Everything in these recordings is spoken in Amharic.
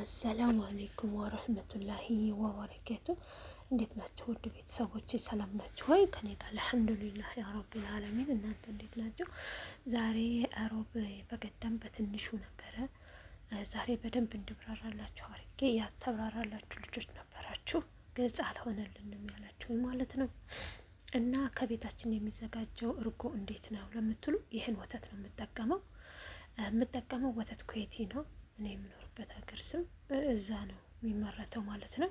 አሰላሙ አሌይኩም ወረህመቱላሂ ወበረከቱ። እንዴት ናቸው ውድ ቤተሰቦች? ሰላም ናቸው ሆይ? ከኔ ጋር አልሐምዱሊላህ የረቢል አለሚን። እናንተ እንዴት ናቸው? ዛሬ ሮብ በቀደም በትንሹ ነበረ። ዛሬ በደንብ እንድብራራላችሁ አርጌ ያተብራራላችሁ ልጆች ነበራችሁ፣ ግልጽ አልሆነልንም ያላችሁ ማለት ነው። እና ከቤታችን የሚዘጋጀው እርጎ እንዴት ነው ለምትሉ ይህን ወተት ነው የምጠቀመው። የምጠቀመው ወተት ኩዌቲ ነው እኔ የምኖርበት ሀገር ስም እዛ ነው የሚመረተው ማለት ነው።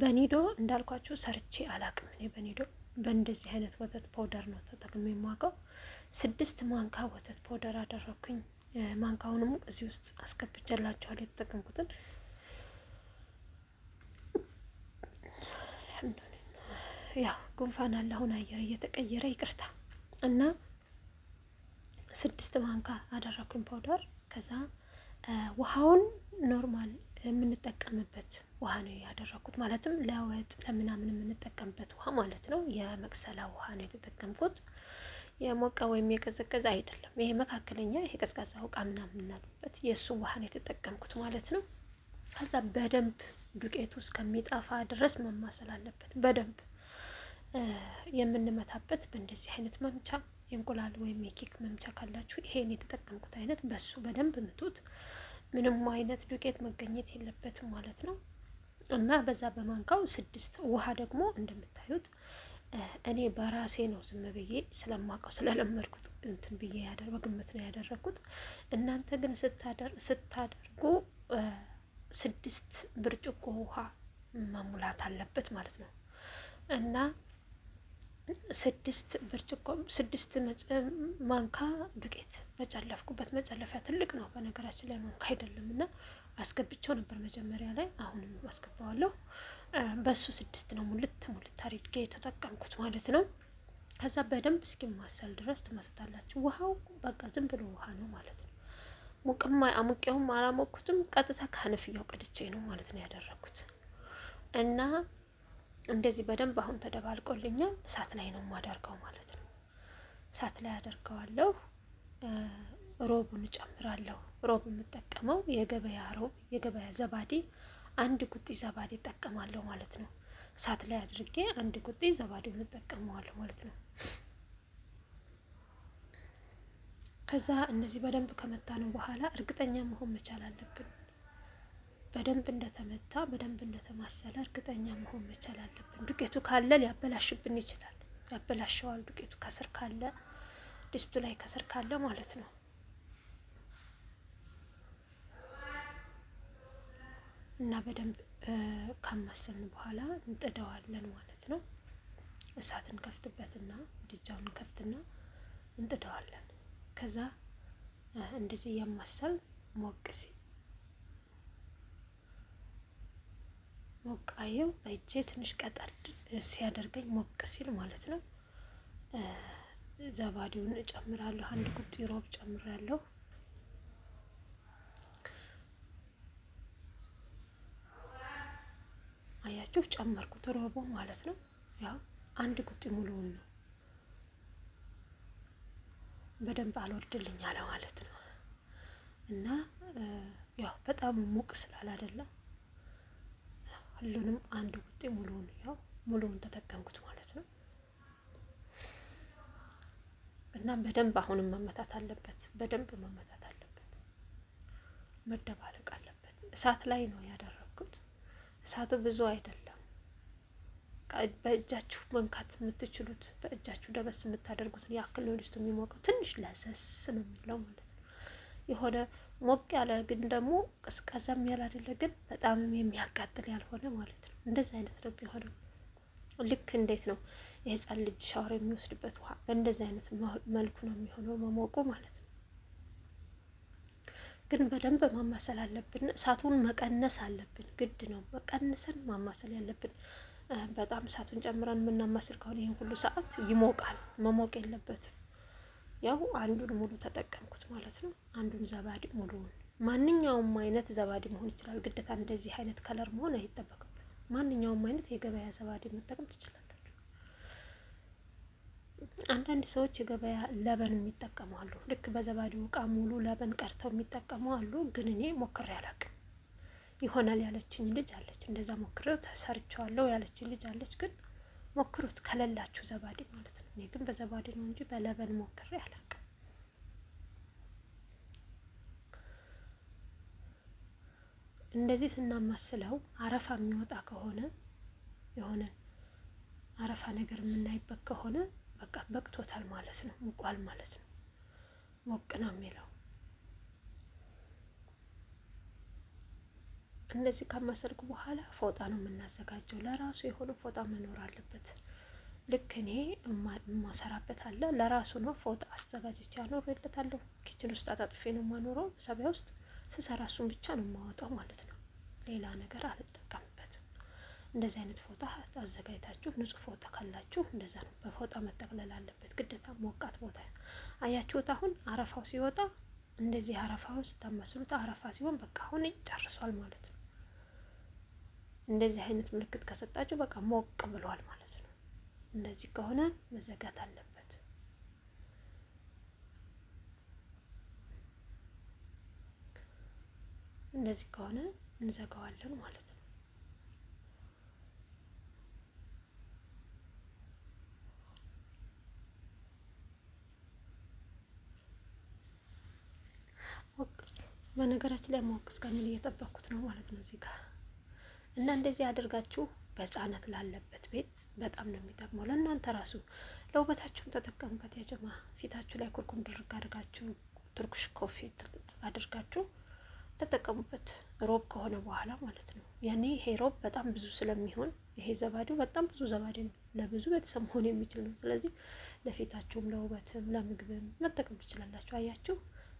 በኒዶ እንዳልኳችሁ ሰርቼ አላቅም። እኔ በኒዶ በእንደዚህ አይነት ወተት ፓውደር ነው ተጠቅሜ የማውቀው። ስድስት ማንካ ወተት ፓውደር አደረኩኝ። ማንካውንም እዚህ ውስጥ አስገብቼላችኋል የተጠቀምኩትን ያው ጉንፋን አለ አሁን አየር እየተቀየረ ይቅርታ። እና ስድስት ማንካ አደረኩኝ ፓውደር ከዛ ውሃውን ኖርማል የምንጠቀምበት ውሃ ነው ያደረኩት። ማለትም ለወጥ ለምናምን የምንጠቀምበት ውሃ ማለት ነው። የመቅሰላ ውሃ ነው የተጠቀምኩት። የሞቀ ወይም የቀዘቀዘ አይደለም። ይሄ መካከለኛ፣ ይሄ ቀዝቃዛ ውቃ ምናምን የምናሉበት የእሱ ውሃ ነው የተጠቀምኩት ማለት ነው። ከዛ በደንብ ዱቄቱ እስከሚጠፋ ድረስ መማሰል አለበት። በደንብ የምንመታበት በእንደዚህ አይነት መምቻ የእንቁላል ወይም የኬክ መምቻ ካላችሁ ይሄን የተጠቀምኩት አይነት በሱ በደንብ ምቱት። ምንም አይነት ዱቄት መገኘት የለበትም ማለት ነው። እና በዛ በማንካው ስድስት ውሃ ደግሞ እንደምታዩት እኔ በራሴ ነው ዝም ብዬ ስለማውቀው ስለለመድኩት እንትን ብዬ በግምት ነው ያደረግኩት። እናንተ ግን ስታደርጉ ስድስት ብርጭቆ ውሃ መሙላት አለበት ማለት ነው እና ስድስት ብርጭቆ ስድስት ማንካ ዱቄት በጨለፍኩበት መጨለፊያ ትልቅ ነው። በነገራችን ላይ ማንካ አይደለም እና አስገብቸው ነበር መጀመሪያ ላይ፣ አሁንም አስገባዋለሁ። በሱ ስድስት ነው ሙልት ሙልት አድርጌ የተጠቀምኩት ማለት ነው። ከዛ በደንብ እስኪማሰል ድረስ ትመቱታላችሁ። ውሃው በቃ ዝም ብሎ ውሃ ነው ማለት ነው። ሙቅማ አሙቄውም አላሞኩትም። ቀጥታ ከሀነፍያው ቀድቼ ነው ማለት ነው ያደረኩት እና እንደዚህ በደንብ አሁን ተደባልቆልኛል። እሳት ላይ ነው የማደርገው ማለት ነው። እሳት ላይ አደርገዋለሁ። ሮቡን እጨምራለሁ። ሮብ የምጠቀመው የገበያ ሮብ፣ የገበያ ዘባዴ፣ አንድ ቁጢ ዘባዴ እጠቀማለሁ ማለት ነው። እሳት ላይ አድርጌ አንድ ቁጢ ዘባዴ እጠቀመዋለሁ ማለት ነው። ከዛ እነዚህ በደንብ ከመታነው በኋላ እርግጠኛ መሆን መቻል አለብን። በደንብ እንደተመታ በደንብ እንደተማሰለ እርግጠኛ መሆን መቻል አለብን። ዱቄቱ ካለ ሊያበላሽብን ይችላል፣ ያበላሸዋል። ዱቄቱ ከስር ካለ ድስቱ ላይ ከስር ካለ ማለት ነው። እና በደንብ ካማሰልን በኋላ እንጥደዋለን ማለት ነው። እሳት እንከፍትበትና ምድጃውን እንከፍትና እንጥደዋለን። ከዛ እንደዚህ እያማሰል ሞቅ ሲል ሞቃየው አየው እጄ ትንሽ ቀጠል ሲያደርገኝ ሞቅ ሲል ማለት ነው። ዘባዴውን እጨምራለሁ። አንድ ቁጢ ሮብ ጨምራለሁ። አያችሁ ጨመርኩት፣ ሮቡ ማለት ነው። ያው አንድ ቁጢ ሙሉውን ነው። በደንብ አልወርድልኝ አለ ማለት ነው። እና ያው በጣም ሙቅ ስላል አይደለም ሁሉንም አንድ ቡጤ ሙሉውን ያው ሙሉውን ተጠቀምኩት ማለት ነው። እና በደንብ አሁንም መመታት አለበት፣ በደንብ መመታት አለበት፣ መደባለቅ አለበት። እሳት ላይ ነው ያደረግኩት። እሳቱ ብዙ አይደለም። በእጃችሁ መንካት የምትችሉት በእጃችሁ ደበስ የምታደርጉትን ያክል ነው። ልስቱ የሚሞቀው ትንሽ ለሰስ ነው የሚለው ማለት ነው። የሆነ ሞቅ ያለ ግን ደግሞ ቀዝቀዛም ያላደለ ግን በጣም የሚያቃጥል ያልሆነ ማለት ነው። እንደዚህ አይነት ነው የሆነው። ልክ እንዴት ነው የህፃን ልጅ ሻወር የሚወስድበት ውሃ በእንደዚህ አይነት መልኩ ነው የሚሆነው መሞቁ ማለት ነው። ግን በደንብ ማማሰል አለብን። እሳቱን መቀነስ አለብን። ግድ ነው መቀነሰን ማማሰል ያለብን። በጣም እሳቱን ጨምረን የምናማስል ከሆነ ይህን ሁሉ ሰዓት ይሞቃል። መሞቅ የለበትም። ያው አንዱን ሙሉ ተጠቀምኩት ማለት ነው። አንዱን ዘባዲ ሙሉውን ማንኛውም አይነት ዘባዲ መሆን ይችላል። ግዴታ እንደዚህ አይነት ከለር መሆን አይጠበቅም። ማንኛውም አይነት የገበያ ዘባዲ መጠቀም ትችላላችሁ። አንዳንድ ሰዎች የገበያ ለበን የሚጠቀሙ አሉ። ልክ በዘባዲው እቃ ሙሉ ለበን ቀርተው የሚጠቀሙ አሉ። ግን እኔ ሞክሬ አላቅም። ይሆናል ያለችኝ ልጅ አለች። እንደዛ ሞክሬው ተሰርቸዋለሁ ያለችኝ ልጅ አለች ግን ሞክሩት ከሌላችሁ ዘባዴ ማለት ነው። እኔ ግን በዘባዴ ነው እንጂ በለበን ሞክሬ አላውቅም። እንደዚህ ስናማስለው አረፋ የሚወጣ ከሆነ የሆነ አረፋ ነገር የምናይበት ከሆነ በቃ በቅቶታል ማለት ነው። ሙቋል ማለት ነው። ሞቅ ነው የሚለው እንደዚህ ከመሰልኩ በኋላ ፎጣ ነው የምናዘጋጀው። ለራሱ የሆነ ፎጣ መኖር አለበት። ልክ እኔ የማሰራበት አለ። ለራሱ ነው ፎጣ አዘጋጅቼ አኖርለታለሁ። ኪችን ውስጥ አጣጥፌ ነው የማኖረው። መሳቢያ ውስጥ ስሰራ እሱን ብቻ ነው የማወጣው ማለት ነው። ሌላ ነገር አልጠቀምበትም። እንደዚህ አይነት ፎጣ አዘጋጅታችሁ ንጹህ ፎጣ ካላችሁ እንደዛ ነው በፎጣ መጠቅለል አለበት ግዴታ። ሞቃት ቦታ አያችሁት። አሁን አረፋው ሲወጣ እንደዚህ አረፋው ስታመስሉት አረፋ ሲሆን በቃ አሁን ጨርሷል ማለት ነው። እንደዚህ አይነት ምልክት ከሰጣችሁ በቃ ሞቅ ብሏል ማለት ነው። እንደዚህ ከሆነ መዘጋት አለበት። እንደዚህ ከሆነ እንዘጋዋለን ማለት ነው። በነገራችን ላይ ማወቅ እስከሚል እየጠበኩት ነው ማለት ነው እዚህ ጋር እና እንደዚህ አድርጋችሁ በህፃነት ላለበት ቤት በጣም ነው የሚጠቅመው። ለእናንተ ራሱ ለውበታችሁም ተጠቀሙበት። ያጀማ ፊታችሁ ላይ ኩርኩም ድርግ አድርጋችሁ ቱርክሽ ኮፊ አድርጋችሁ ተጠቀሙበት። ሮብ ከሆነ በኋላ ማለት ነው። ያኔ ይሄ ሮብ በጣም ብዙ ስለሚሆን ይሄ ዘባዴው በጣም ብዙ ዘባዴ ነው፣ ለብዙ ቤተሰብ መሆን የሚችል ነው። ስለዚህ ለፊታችሁም፣ ለውበትም፣ ለምግብም መጠቀም ትችላላችሁ። አያችሁ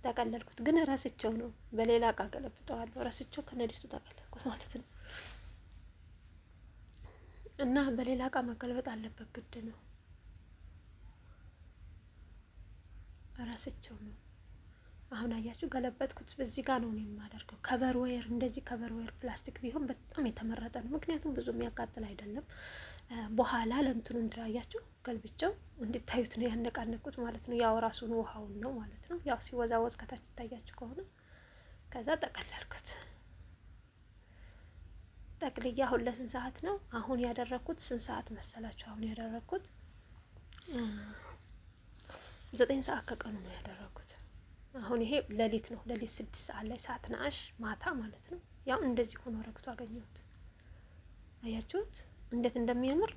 ተቀለልኩት ግን ረስቸው ነው። በሌላ እቃ ገለብጠዋለሁ። ረስቸው ከነዲስቱ ተቀለልኩት ማለት ነው። እና በሌላ እቃ መገልበጥ አለበት ግድ ነው። ራስቸው ነው። አሁን አያችሁ ገለበጥኩት። በዚህ ጋር ነው የማደርገው። ከቨር ወየር እንደዚህ ከቨር ወየር ፕላስቲክ ቢሆን በጣም የተመረጠ ነው። ምክንያቱም ብዙ የሚያቃጥል አይደለም። በኋላ ለእንትኑ እንድራያችሁ ገልብጨው እንድታዩት ነው ያነቃነቁት ማለት ነው። ያው ራሱን ውሃውን ነው ማለት ነው። ያው ሲወዛወዝ ከታች ይታያችሁ ከሆነ ከዛ ጠቀለልኩት። ጠቅልያ አሁን ለስንት ሰዓት ነው አሁን ያደረግኩት? ስንት ሰዓት መሰላችሁ? አሁን ያደረግኩት ዘጠኝ ሰዓት ከቀኑ ነው ያደረግኩት። አሁን ይሄ ሌሊት ነው፣ ሌሊት ስድስት ሰዓት ላይ ሰዓት ነአሽ ማታ ማለት ነው። ያው እንደዚህ ሆኖ ረግቶ አገኘሁት። አያችሁት እንዴት እንደሚያምር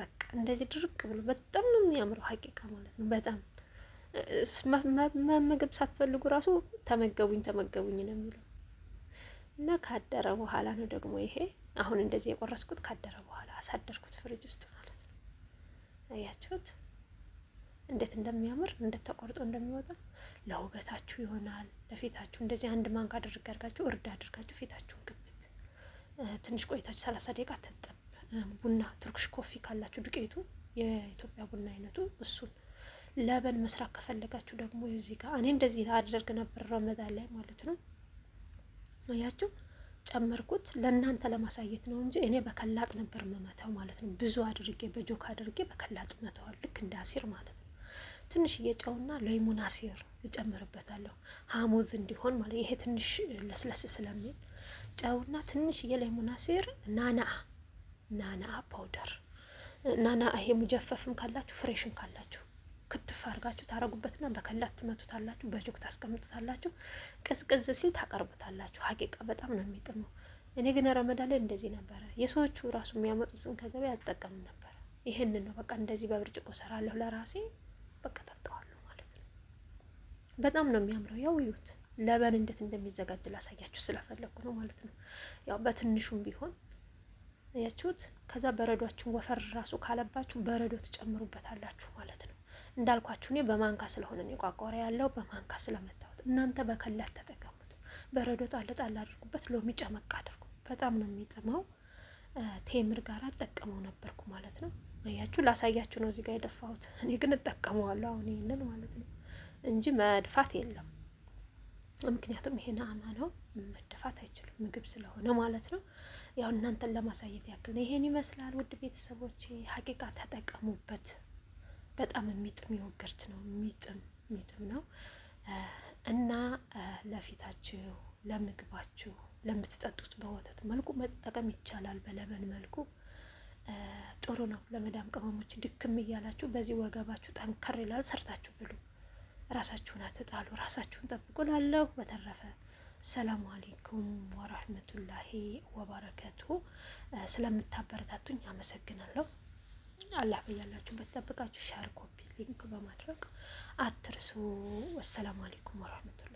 በቃ እንደዚህ ድርቅ ብሎ በጣም ነው የሚያምረው፣ ሀቂቃ ማለት ነው። በጣም መመገብ ሳትፈልጉ ራሱ ተመገቡኝ ተመገቡኝ ነው የሚለው እና ካደረ በኋላ ነው ደግሞ ይሄ አሁን እንደዚህ የቆረስኩት ካደረ በኋላ አሳደርኩት ፍሪጅ ውስጥ ማለት ነው። አያችሁት እንዴት እንደሚያምር እንዴት ተቆርጦ እንደሚወጣ ለውበታችሁ ይሆናል። ለፊታችሁ እንደዚህ አንድ ማንካ አድርግ አድርጋችሁ እርድ አድርጋችሁ ፊታችሁን ግብት ትንሽ ቆይታችሁ ሰላሳ ደቂቃ ተጠብ ቡና ቱርክሽ ኮፊ ካላችሁ ዱቄቱ የኢትዮጵያ ቡና አይነቱ እሱን ለበን መስራት ከፈለጋችሁ ደግሞ እዚህ ጋር እኔ እንደዚህ አድርግ ነበር ረመዳን ላይ ማለት ነው። ነው ያችሁ። ጨመርኩት ለእናንተ ለማሳየት ነው እንጂ እኔ በከላጥ ነበር መመተው ማለት ነው። ብዙ አድርጌ በጆክ አድርጌ በከላጥ መተዋል። ልክ እንደ አሲር ማለት ነው። ትንሽዬ ጨውና ለይሙን አሲር እጨምርበታለሁ ሀሙዝ እንዲሆን ማለት ይሄ ትንሽ ለስለስ ስለሚል ጨውና ትንሽዬ ለይሙን አሲር ናና ናና ፓውደር ናና ይሄ ሙጀፈፍም ካላችሁ ፍሬሽም ካላችሁ ክትፍ አድርጋችሁ ታረጉበትና በከላት ትመቱታላችሁ። በጆግ ታስቀምጡታላችሁ። ቅዝቅዝ ሲል ታቀርቡታላችሁ። ሀቂቃ በጣም ነው የሚጥመው። እኔ ግን ረመዳን ላይ እንደዚህ ነበረ። የሰዎቹ ራሱ የሚያመጡትን ከገበያ አልጠቀምም ነበረ። ይህንን ነው በቃ እንደዚህ በብርጭቆ ሰራለሁ ለራሴ በቃ ጠጣዋለሁ ማለት ነው። በጣም ነው የሚያምረው። ያው እዩት ለበን እንዴት እንደሚዘጋጅ ላሳያችሁ ስለፈለግኩ ነው ማለት ነው። ያው በትንሹም ቢሆን ያችሁት ከዛ በረዷችሁን ወፈር ራሱ ካለባችሁ በረዶ ትጨምሩበታላችሁ ማለት ነው። እንዳልኳችሁ እኔ በማንካ ስለሆነ ነው የቋቋረ ያለው በማንካ ስለመታወት እናንተ በከላት ተጠቀሙት። በረዶ ጣል ጣል አድርጉበት፣ ሎሚ ጨመቅ አድርጉ። በጣም ነው የሚጥመው። ቴምር ጋር አጠቀመው ነበርኩ ማለት ነው። አያችሁ፣ ላሳያችሁ ነው እዚህ ጋር የደፋሁት። እኔ ግን እጠቀመዋለሁ አሁን ይህንን ማለት ነው እንጂ መድፋት የለም። ምክንያቱም ይሄ ነአማ ነው፣ መደፋት አይችልም ምግብ ስለሆነ ማለት ነው። ያው እናንተን ለማሳየት ያክል ነው። ይሄን ይመስላል ውድ ቤተሰቦች፣ ሀቂቃ ተጠቀሙበት። በጣም የሚጥም ዮገርት ነው። የሚጥም የሚጥም ነው እና ለፊታችሁ፣ ለምግባችሁ፣ ለምትጠጡት በወተት መልኩ መጠቀም ይቻላል። በለበን መልኩ ጥሩ ነው። ለመዳም ቅመሞች ድክም እያላችሁ በዚህ ወገባችሁ ጠንከር ይላል። ሰርታችሁ ብሉ። ራሳችሁን አትጣሉ። ራሳችሁን ጠብቁ። ላለሁ በተረፈ ሰላሙ አሌይኩም ወራህመቱላሂ ወበረከቱ። ስለምታበረታቱኝ አመሰግናለሁ። አላህ በያላችሁበት ጠብቃችሁ ሻር ኮፒ ሊንክ በማድረግ አትርሱ። ወሰላሙ አሌይኩም ወረህመቱላ